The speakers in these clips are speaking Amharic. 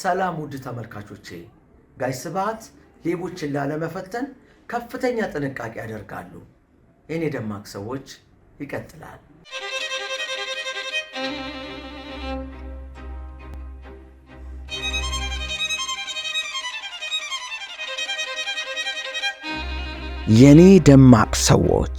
ሰላም ውድ ተመልካቾቼ፣ ጋሽ ስብሐት ሌቦችን ላለመፈተን ከፍተኛ ጥንቃቄ ያደርጋሉ። የኔ ደማቅ ሰዎች ይቀጥላል። የኔ ደማቅ ሰዎች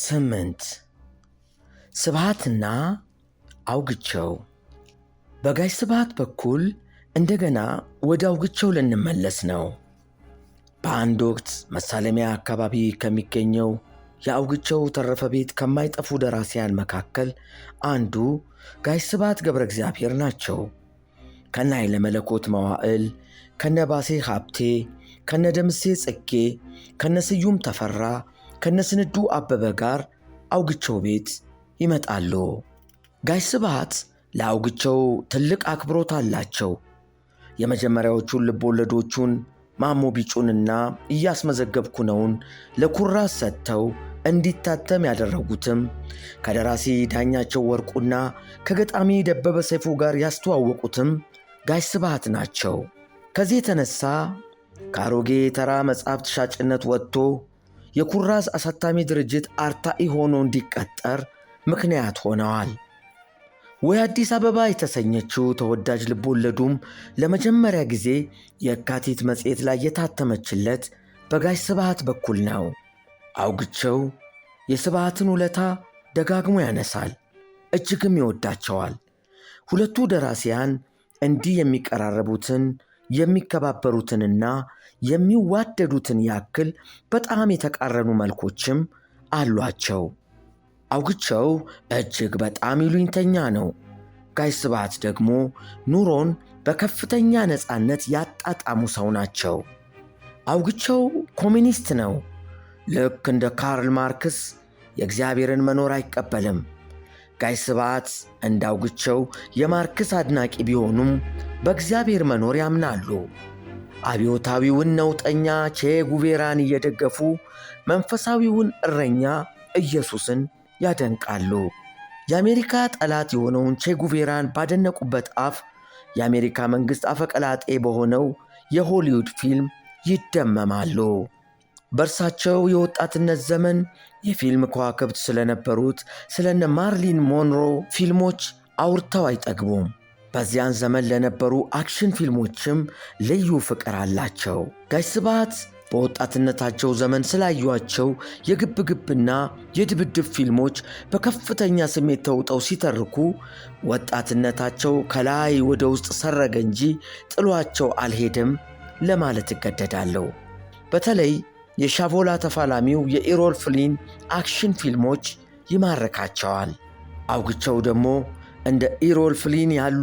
ስምንት ስብሃትና አውግቸው በጋሽ ስብሃት በኩል እንደገና ወደ አውግቸው ልንመለስ ነው። በአንድ ወቅት መሳለሚያ አካባቢ ከሚገኘው የአውግቸው ተረፈ ቤት ከማይጠፉ ደራሲያን መካከል አንዱ ጋሽ ስብሃት ገብረ እግዚአብሔር ናቸው። ከነ ኃይለ መለኮት መዋዕል፣ ከነ ባሴ ሀብቴ፣ ከነ ደምሴ ጽጌ፣ ከነ ስዩም ተፈራ ከነስንዱ አበበ ጋር አውግቸው ቤት ይመጣሉ። ጋሽ ስብሃት ለአውግቸው ትልቅ አክብሮት አላቸው። የመጀመሪያዎቹን ልቦወለዶቹን ማሞ ቢጩንና እያስመዘገብኩ ነውን ለኩራስ ሰጥተው እንዲታተም ያደረጉትም ከደራሲ ዳኛቸው ወርቁና ከገጣሚ ደበበ ሰይፉ ጋር ያስተዋወቁትም ጋሽ ስብሃት ናቸው። ከዚህ የተነሳ ከአሮጌ ተራ መጽሐፍት ሻጭነት ወጥቶ የኩራዝ አሳታሚ ድርጅት አርታኢ ሆኖ እንዲቀጠር ምክንያት ሆነዋል። ወይ አዲስ አበባ የተሰኘችው ተወዳጅ ልቦለዱም ለመጀመሪያ ጊዜ የካቲት መጽሔት ላይ የታተመችለት በጋሽ ስብሃት በኩል ነው። አውግቸው የስብሃትን ውለታ ደጋግሞ ያነሳል፣ እጅግም ይወዳቸዋል። ሁለቱ ደራሲያን እንዲህ የሚቀራረቡትን የሚከባበሩትንና የሚዋደዱትን ያክል በጣም የተቃረኑ መልኮችም አሏቸው። አውግቸው እጅግ በጣም ይሉኝተኛ ነው። ጋሽ ስብሐት ደግሞ ኑሮን በከፍተኛ ነፃነት ያጣጣሙ ሰው ናቸው። አውግቸው ኮሚኒስት ነው። ልክ እንደ ካርል ማርክስ የእግዚአብሔርን መኖር አይቀበልም። ጋሽ ስብሐት እንዳውግቸው የማርክስ አድናቂ ቢሆኑም በእግዚአብሔር መኖር ያምናሉ። አብዮታዊውን ነውጠኛ ቼ ጉቬራን እየደገፉ መንፈሳዊውን እረኛ ኢየሱስን ያደንቃሉ። የአሜሪካ ጠላት የሆነውን ቼ ጉቬራን ባደነቁበት አፍ የአሜሪካ መንግሥት አፈቀላጤ በሆነው የሆሊውድ ፊልም ይደመማሉ። በእርሳቸው የወጣትነት ዘመን የፊልም ከዋክብት ስለነበሩት ስለነ ማርሊን ሞንሮ ፊልሞች አውርተው አይጠግቡም። በዚያን ዘመን ለነበሩ አክሽን ፊልሞችም ልዩ ፍቅር አላቸው። ጋሽ ስብሐት በወጣትነታቸው ዘመን ስላዩቸው የግብግብና የድብድብ ፊልሞች በከፍተኛ ስሜት ተውጠው ሲተርኩ ወጣትነታቸው ከላይ ወደ ውስጥ ሰረገ እንጂ ጥሏቸው አልሄድም ለማለት እገደዳለሁ። በተለይ የሻቮላ ተፋላሚው የኢሮል ፍሊን አክሽን ፊልሞች ይማርካቸዋል። አውግቸው ደግሞ እንደ ኢሮል ፍሊን ያሉ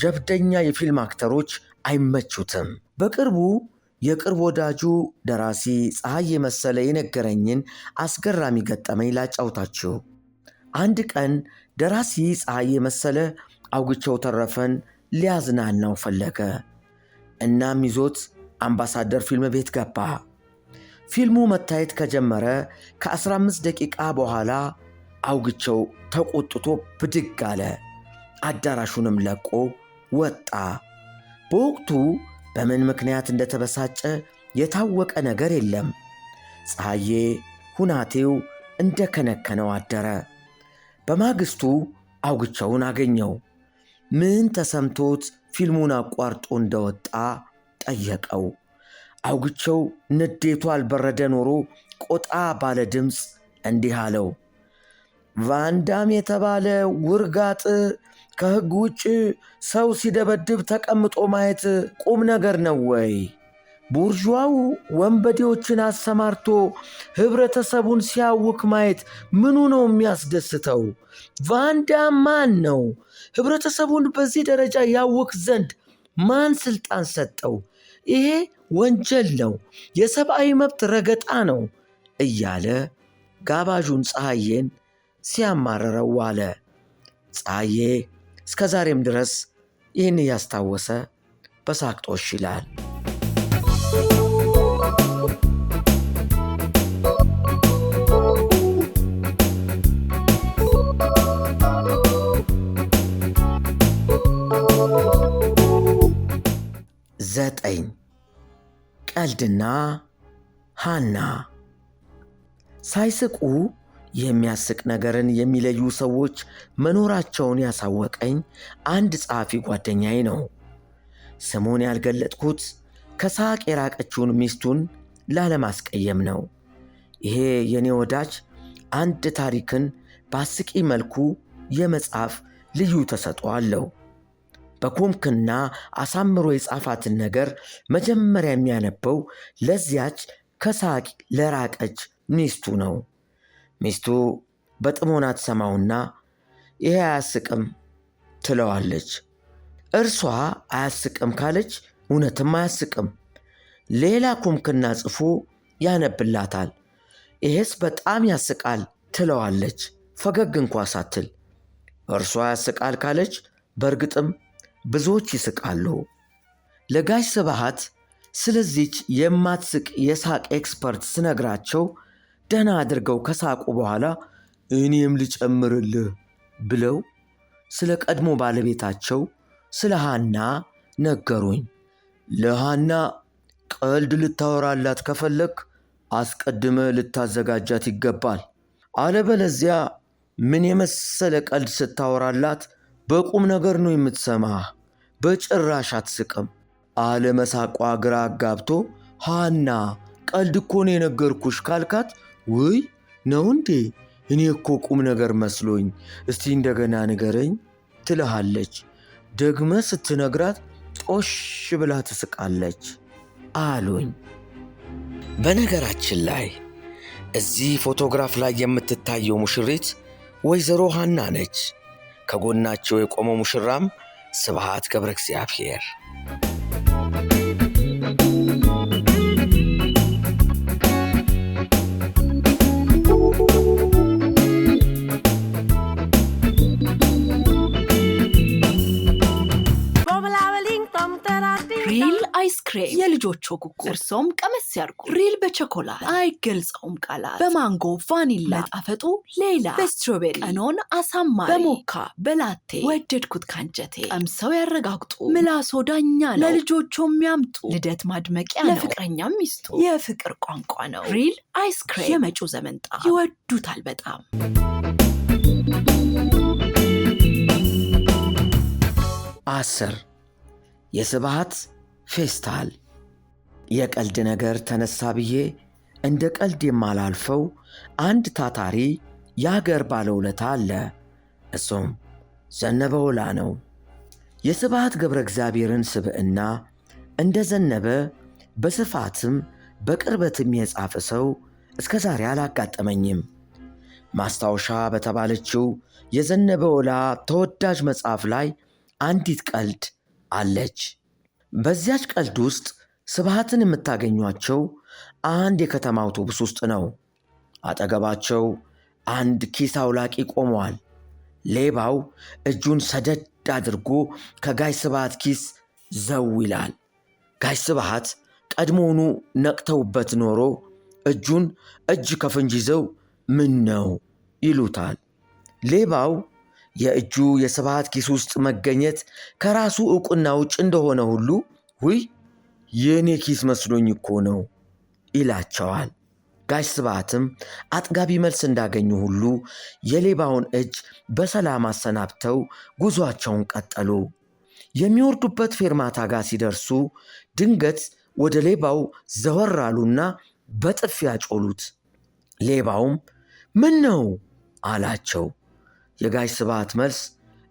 ጀብደኛ የፊልም አክተሮች አይመቹትም። በቅርቡ የቅርብ ወዳጁ ደራሲ ፀሐዬ መሰለ የነገረኝን አስገራሚ ገጠመኝ ላጫውታችሁ። አንድ ቀን ደራሲ ፀሐዬ መሰለ አውግቸው ተረፈን ሊያዝናናው ፈለገ። እናም ይዞት አምባሳደር ፊልም ቤት ገባ። ፊልሙ መታየት ከጀመረ ከ15 ደቂቃ በኋላ አውግቸው ተቆጥቶ ብድግ አለ። አዳራሹንም ለቆ ወጣ። በወቅቱ በምን ምክንያት እንደተበሳጨ የታወቀ ነገር የለም። ፀሐዬ ሁናቴው እንደከነከነው አደረ። በማግስቱ አውግቸውን አገኘው። ምን ተሰምቶት ፊልሙን አቋርጦ እንደወጣ ጠየቀው። አውግቸው ንዴቱ አልበረደ ኖሮ ቆጣ ባለ ድምፅ እንዲህ አለው። ቫንዳም የተባለ ውርጋጥ ከሕግ ውጭ ሰው ሲደበድብ ተቀምጦ ማየት ቁም ነገር ነው ወይ? ቡርዥዋው ወንበዴዎችን አሰማርቶ ኅብረተሰቡን ሲያውክ ማየት ምኑ ነው የሚያስደስተው? ቫንዳ ማን ነው? ኅብረተሰቡን በዚህ ደረጃ ያውክ ዘንድ ማን ስልጣን ሰጠው? ይሄ ወንጀል ነው፣ የሰብአዊ መብት ረገጣ ነው እያለ ጋባዡን ፀሐዬን ሲያማረረው ዋለ። ፀሐዬ እስከ ዛሬም ድረስ ይህን እያስታወሰ በሳቅጦሽ ይላል። ዘጠኝ ቀልድና ሃና ሳይስቁ የሚያስቅ ነገርን የሚለዩ ሰዎች መኖራቸውን ያሳወቀኝ አንድ ጸሐፊ ጓደኛዬ ነው። ስሙን ያልገለጥኩት ከሳቅ የራቀችውን ሚስቱን ላለማስቀየም ነው። ይሄ የኔ ወዳጅ አንድ ታሪክን በአስቂ መልኩ የመጻፍ ልዩ ተሰጥኦ አለው። በኮምክና አሳምሮ የጻፋትን ነገር መጀመሪያ የሚያነበው ለዚያች ከሳቅ ለራቀች ሚስቱ ነው። ሚስቱ በጥሞና ትሰማውና ይሄ አያስቅም ትለዋለች። እርሷ አያስቅም ካለች እውነትም አያስቅም፣ ሌላ ኩምክና ጽፎ ያነብላታል። ይሄስ በጣም ያስቃል ትለዋለች፣ ፈገግ እንኳ ሳትል። እርሷ ያስቃል ካለች በእርግጥም ብዙዎች ይስቃሉ። ለጋሽ ስብሃት ስለዚች የማትስቅ የሳቅ ኤክስፐርት ስነግራቸው ደህና አድርገው ከሳቁ በኋላ እኔም ልጨምርልህ ብለው ስለ ቀድሞ ባለቤታቸው ስለ ሃና ነገሩኝ። ለሃና ቀልድ ልታወራላት ከፈለግ አስቀድመ ልታዘጋጃት ይገባል። አለበለዚያ ምን የመሰለ ቀልድ ስታወራላት በቁም ነገር ነው የምትሰማ። በጭራሽ አትስቅም። አለመሳቋ ግራ አጋብቶ ሃና ቀልድ እኮ ነው የነገርኩሽ ካልካት ውይ ነው እንዴ? እኔ እኮ ቁም ነገር መስሎኝ፣ እስቲ እንደገና ንገረኝ ትልሃለች። ደግመ ስትነግራት ጦሽ ብላ ትስቃለች አሉኝ። በነገራችን ላይ እዚህ ፎቶግራፍ ላይ የምትታየው ሙሽሪት ወይዘሮ ሃና ነች። ከጎናቸው የቆመው ሙሽራም ስብሃት ገብረ እግዚአብሔር ክሬም የልጆቹ ጉጉር። እርስዎም ቀመስ ያርጉ። ሪል በቸኮላት አይገልጸውም ቃላት። በማንጎ ቫኒላ ጣፈጡ ሌላ በስትሮቤሪ ቀኖን አሳማሪ በሞካ በላቴ ወደድኩት ካንጀቴ። ቀምሰው ያረጋግጡ ምላሶ ዳኛ ነው። ለልጆቹ የሚያምጡ ልደት ማድመቂያ ነው። ለፍቅረኛ ሚስጡ የፍቅር ቋንቋ ነው። ሪል አይስክሬም የመጪው ዘመንጣ ይወዱታል በጣም። አስር የስብሃት ፌስታል የቀልድ ነገር ተነሳ ብዬ እንደ ቀልድ የማላልፈው አንድ ታታሪ የአገር ባለውለታ አለ። እሱም ዘነበ ወላ ነው። የስብሐት ገብረ እግዚአብሔርን ስብዕና እንደ ዘነበ በስፋትም በቅርበትም የጻፈ ሰው እስከ ዛሬ አላጋጠመኝም። ማስታወሻ በተባለችው የዘነበ ወላ ተወዳጅ መጽሐፍ ላይ አንዲት ቀልድ አለች። በዚያች ቀልድ ውስጥ ስብሃትን የምታገኟቸው አንድ የከተማ አውቶቡስ ውስጥ ነው። አጠገባቸው አንድ ኪስ አውላቂ ቆመዋል። ሌባው እጁን ሰደድ አድርጎ ከጋይ ስብሃት ኪስ ዘው ይላል። ጋይ ስብሃት ቀድሞውኑ ነቅተውበት ኖሮ እጁን እጅ ከፍንጅ ይዘው ምን ነው ይሉታል። ሌባው የእጁ የስብሃት ኪስ ውስጥ መገኘት ከራሱ እውቅና ውጭ እንደሆነ ሁሉ ውይ የእኔ ኪስ መስሎኝ እኮ ነው ይላቸዋል። ጋሽ ስብሃትም አጥጋቢ መልስ እንዳገኙ ሁሉ የሌባውን እጅ በሰላም አሰናብተው ጉዟቸውን ቀጠሉ። የሚወርዱበት ፌርማታ ጋር ሲደርሱ ድንገት ወደ ሌባው ዘወር አሉና በጥፊ ያጮሉት። ሌባውም ምን ነው አላቸው። የጋሽ ስብሐት መልስ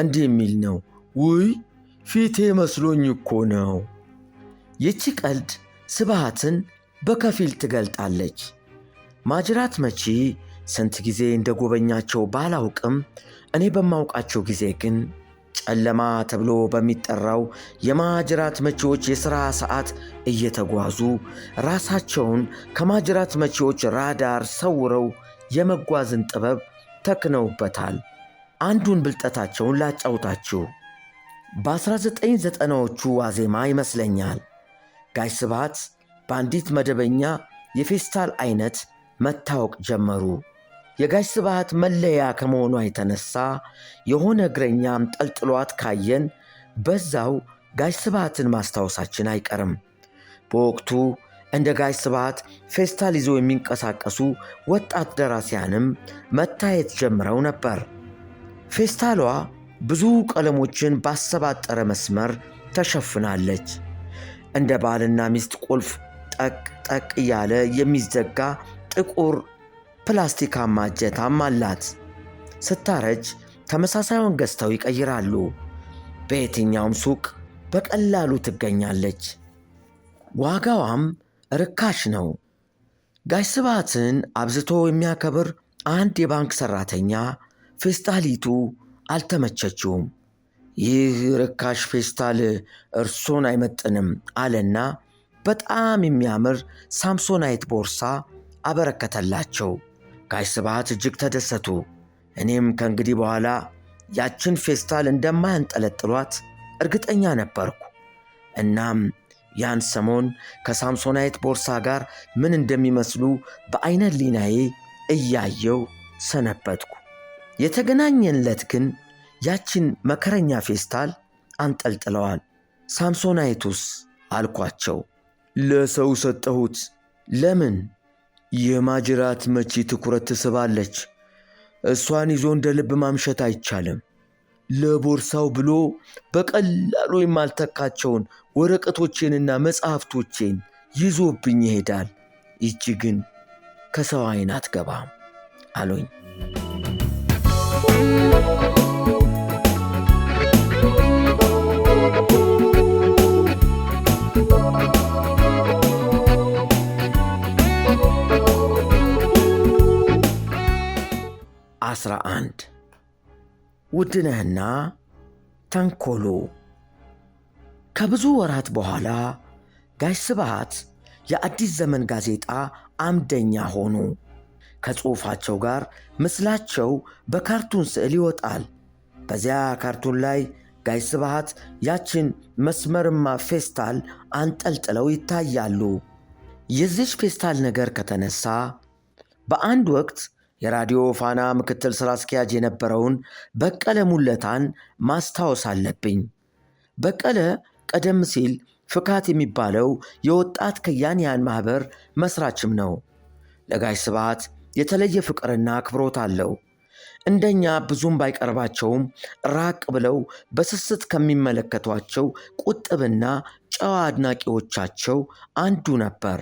እንዲህ የሚል ነው። ውይ ፊቴ መስሎኝ እኮ ነው። ይቺ ቀልድ ስብሐትን በከፊል ትገልጣለች። ማጅራት መቺ ስንት ጊዜ እንደ ጎበኛቸው ባላውቅም እኔ በማውቃቸው ጊዜ ግን ጨለማ ተብሎ በሚጠራው የማጅራት መቺዎች የሥራ ሰዓት እየተጓዙ ራሳቸውን ከማጅራት መቺዎች ራዳር ሰውረው የመጓዝን ጥበብ ተክነውበታል። አንዱን ብልጠታቸውን ላጫውታችሁ። በ1990ዎቹ ዋዜማ ይመስለኛል ጋሽ ስብሐት በአንዲት መደበኛ የፌስታል አይነት መታወቅ ጀመሩ። የጋሽ ስብሐት መለያ ከመሆኗ የተነሳ የሆነ እግረኛም ጠልጥሏት ካየን በዛው ጋሽ ስብሐትን ማስታወሳችን አይቀርም። በወቅቱ እንደ ጋሽ ስብሐት ፌስታል ይዘው የሚንቀሳቀሱ ወጣት ደራሲያንም መታየት ጀምረው ነበር። ፌስታሏ ብዙ ቀለሞችን ባሰባጠረ መስመር ተሸፍናለች። እንደ ባልና ሚስት ቁልፍ ጠቅ ጠቅ እያለ የሚዘጋ ጥቁር ፕላስቲካማ እጀታም አላት። ስታረጅ ተመሳሳዩን ገዝተው ይቀይራሉ። በየትኛውም ሱቅ በቀላሉ ትገኛለች። ዋጋዋም ርካሽ ነው። ጋሽ አብዝቶ የሚያከብር አንድ የባንክ ሠራተኛ ፌስታሊቱ አልተመቸችውም። ይህ ርካሽ ፌስታል እርሶን አይመጥንም አለና በጣም የሚያምር ሳምሶናይት ቦርሳ አበረከተላቸው። ጋሽ ስብሐት እጅግ ተደሰቱ። እኔም ከእንግዲህ በኋላ ያችን ፌስታል እንደማያንጠለጥሏት እርግጠኛ ነበርኩ። እናም ያን ሰሞን ከሳምሶናይት ቦርሳ ጋር ምን እንደሚመስሉ በአይነ ሊናዬ እያየው ሰነበትኩ። የተገናኘንለት ግን ያችን መከረኛ ፌስታል አንጠልጥለዋል። ሳምሶናይቱስ አልኳቸው። ለሰው ሰጠሁት። ለምን? የማጅራት መቺ ትኩረት ትስባለች። እሷን ይዞ እንደ ልብ ማምሸት አይቻልም። ለቦርሳው ብሎ በቀላሉ የማልተካቸውን ወረቀቶቼንና መጽሐፍቶቼን ይዞብኝ ይሄዳል። ይቺ ግን ከሰው ዓይን አትገባም አሉኝ። አስራ አንድ ውድነህና ተንኮሎ ከብዙ ወራት በኋላ ጋሽ ስብሃት የአዲስ ዘመን ጋዜጣ አምደኛ ሆኑ። ከጽሑፋቸው ጋር ምስላቸው በካርቱን ስዕል ይወጣል። በዚያ ካርቱን ላይ ጋይ ስብሃት ያችን መስመርማ ፌስታል አንጠልጥለው ይታያሉ። የዚች ፌስታል ነገር ከተነሳ በአንድ ወቅት የራዲዮ ፋና ምክትል ሥራ አስኪያጅ የነበረውን በቀለ ሙለታን ማስታወስ አለብኝ። በቀለ ቀደም ሲል ፍካት የሚባለው የወጣት ከያንያን ማኅበር መሥራችም ነው። ለጋሽ ስብሃት የተለየ ፍቅርና አክብሮት አለው። እንደኛ ብዙም ባይቀርባቸውም ራቅ ብለው በስስት ከሚመለከቷቸው ቁጥብና ጨዋ አድናቂዎቻቸው አንዱ ነበር።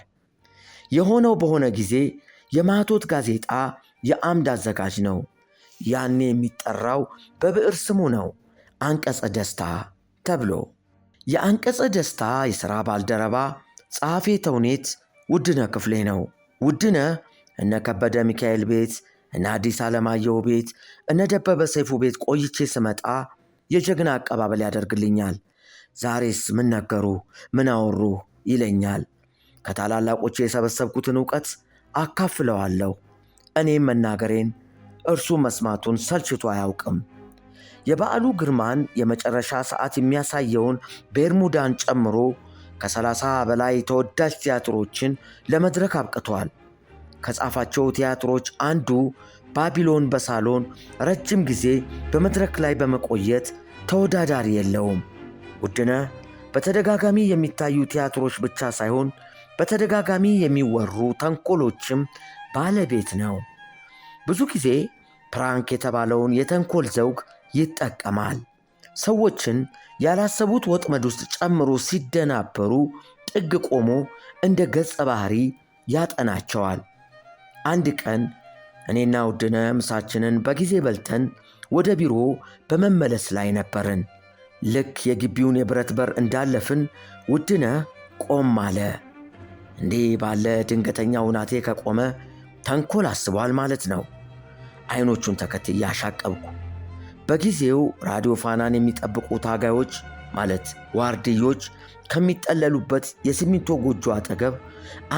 የሆነው በሆነ ጊዜ የማቶት ጋዜጣ የአምድ አዘጋጅ ነው። ያኔ የሚጠራው በብዕር ስሙ ነው፣ አንቀጸ ደስታ ተብሎ። የአንቀጸ ደስታ የሥራ ባልደረባ ጸሐፌ ተውኔት ውድነ ክፍሌ ነው። ውድነ! እነ ከበደ ሚካኤል ቤት፣ እነ አዲስ አለማየሁ ቤት፣ እነ ደበበ ሰይፉ ቤት ቆይቼ ስመጣ የጀግና አቀባበል ያደርግልኛል። ዛሬስ ምን ነገሩ፣ ምን አወሩ ይለኛል። ከታላላቆቼ የሰበሰብኩትን እውቀት አካፍለዋለሁ። እኔም መናገሬን እርሱ መስማቱን ሰልችቶ አያውቅም። የበዓሉ ግርማን የመጨረሻ ሰዓት የሚያሳየውን ቤርሙዳን ጨምሮ ከሰላሳ በላይ ተወዳጅ ቲያትሮችን ለመድረክ አብቅቷል። ከጻፋቸው ቲያትሮች አንዱ ባቢሎን በሳሎን ረጅም ጊዜ በመድረክ ላይ በመቆየት ተወዳዳሪ የለውም። ውድነህ በተደጋጋሚ የሚታዩ ቲያትሮች ብቻ ሳይሆን በተደጋጋሚ የሚወሩ ተንኮሎችም ባለቤት ነው። ብዙ ጊዜ ፕራንክ የተባለውን የተንኮል ዘውግ ይጠቀማል። ሰዎችን ያላሰቡት ወጥመድ ውስጥ ጨምሮ ሲደናበሩ ጥግ ቆሞ እንደ ገጸ ባህሪ ያጠናቸዋል። አንድ ቀን እኔና ውድነ ምሳችንን በጊዜ በልተን ወደ ቢሮ በመመለስ ላይ ነበርን። ልክ የግቢውን የብረት በር እንዳለፍን ውድነ ቆም አለ። እንዲህ ባለ ድንገተኛ ውናቴ ከቆመ ተንኮል አስቧል ማለት ነው። አይኖቹን ተከትዬ አሻቀብኩ። በጊዜው ራዲዮ ፋናን የሚጠብቁ ታጋዮች ማለት ዋርድዮች ከሚጠለሉበት የሲሚንቶ ጎጆ አጠገብ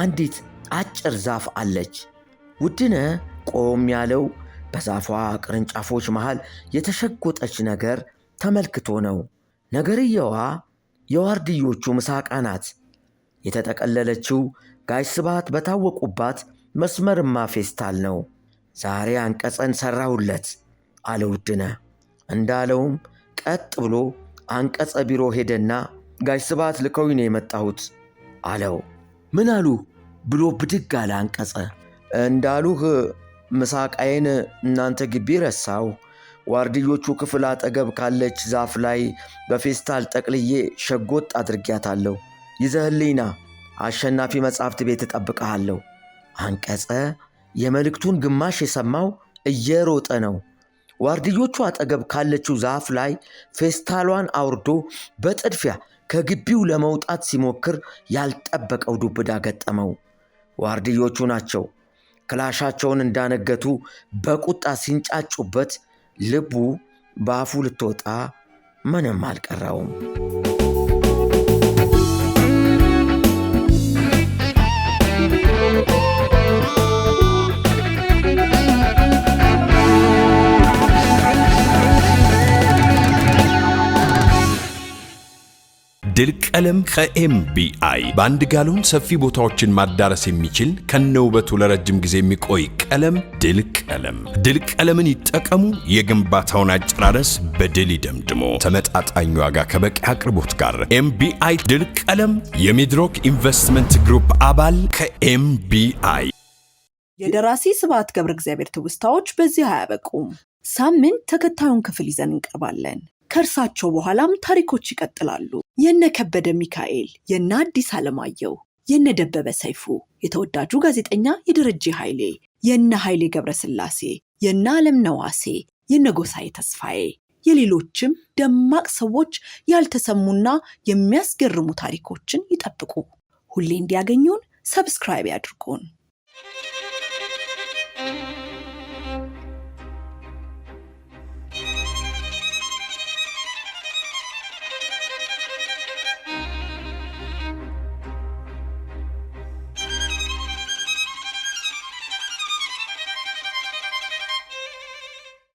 አንዲት አጭር ዛፍ አለች። ውድነ ቆም ያለው በዛፏ ቅርንጫፎች መሃል የተሸጎጠች ነገር ተመልክቶ ነው። ነገርየዋ የዋርድዮቹ ምሳቃ ናት። የተጠቀለለችው ጋሽ ስብሐት በታወቁባት መስመርማ ፌስታል ነው። ዛሬ አንቀጸን ሠራሁለት አለ ውድነ እንዳለውም ቀጥ ብሎ አንቀጸ ቢሮ ሄደና ጋሽ ስብሐት ልከውኝ ነው የመጣሁት አለው። ምን አሉ ብሎ ብድግ አለ አንቀጸ። እንዳሉህ ምሳቃዬን እናንተ ግቢ ረሳው። ዋርድዮቹ ክፍል አጠገብ ካለች ዛፍ ላይ በፌስታል ጠቅልዬ ሸጎጥ አድርጊያታለሁ። ይዘህልኝና አሸናፊ መጻሕፍት ቤት እጠብቀሃለሁ። አንቀጸ የመልእክቱን ግማሽ የሰማው እየሮጠ ነው። ዋርድዮቹ አጠገብ ካለችው ዛፍ ላይ ፌስታሏን አውርዶ በጥድፊያ ከግቢው ለመውጣት ሲሞክር ያልጠበቀው ዱብዳ ገጠመው። ዋርድዮቹ ናቸው ክላሻቸውን እንዳነገቱ በቁጣ ሲንጫጩበት ልቡ በአፉ ልትወጣ ምንም አልቀረውም። ድል ቀለም ከኤምቢአይ በአንድ ጋሎን ሰፊ ቦታዎችን ማዳረስ የሚችል ከነውበቱ ለረጅም ጊዜ የሚቆይ ቀለም ድል ቀለም። ድል ቀለምን ይጠቀሙ። የግንባታውን አጨራረስ በድል ይደምድሞ። ተመጣጣኝ ዋጋ ከበቂ አቅርቦት ጋር ኤምቢአይ ድል ቀለም የሚድሮክ ኢንቨስትመንት ግሩፕ አባል ከኤምቢአይ የደራሲ ስብሐት ገብረ እግዚአብሔር ትውስታዎች በዚህ አያበቁም። ሳምንት ተከታዩን ክፍል ይዘን እንቀርባለን። ከእርሳቸው በኋላም ታሪኮች ይቀጥላሉ። የነ ከበደ ሚካኤል፣ የነ አዲስ አለማየሁ፣ የነ ደበበ ሰይፉ፣ የተወዳጁ ጋዜጠኛ የደረጀ ኃይሌ፣ የነ ኃይሌ ገብረስላሴ፣ የነ ዓለም ነዋሴ፣ የነ ጎሳዬ ተስፋዬ፣ የሌሎችም ደማቅ ሰዎች ያልተሰሙና የሚያስገርሙ ታሪኮችን ይጠብቁ። ሁሌ እንዲያገኙን ሰብስክራይብ ያድርጉን።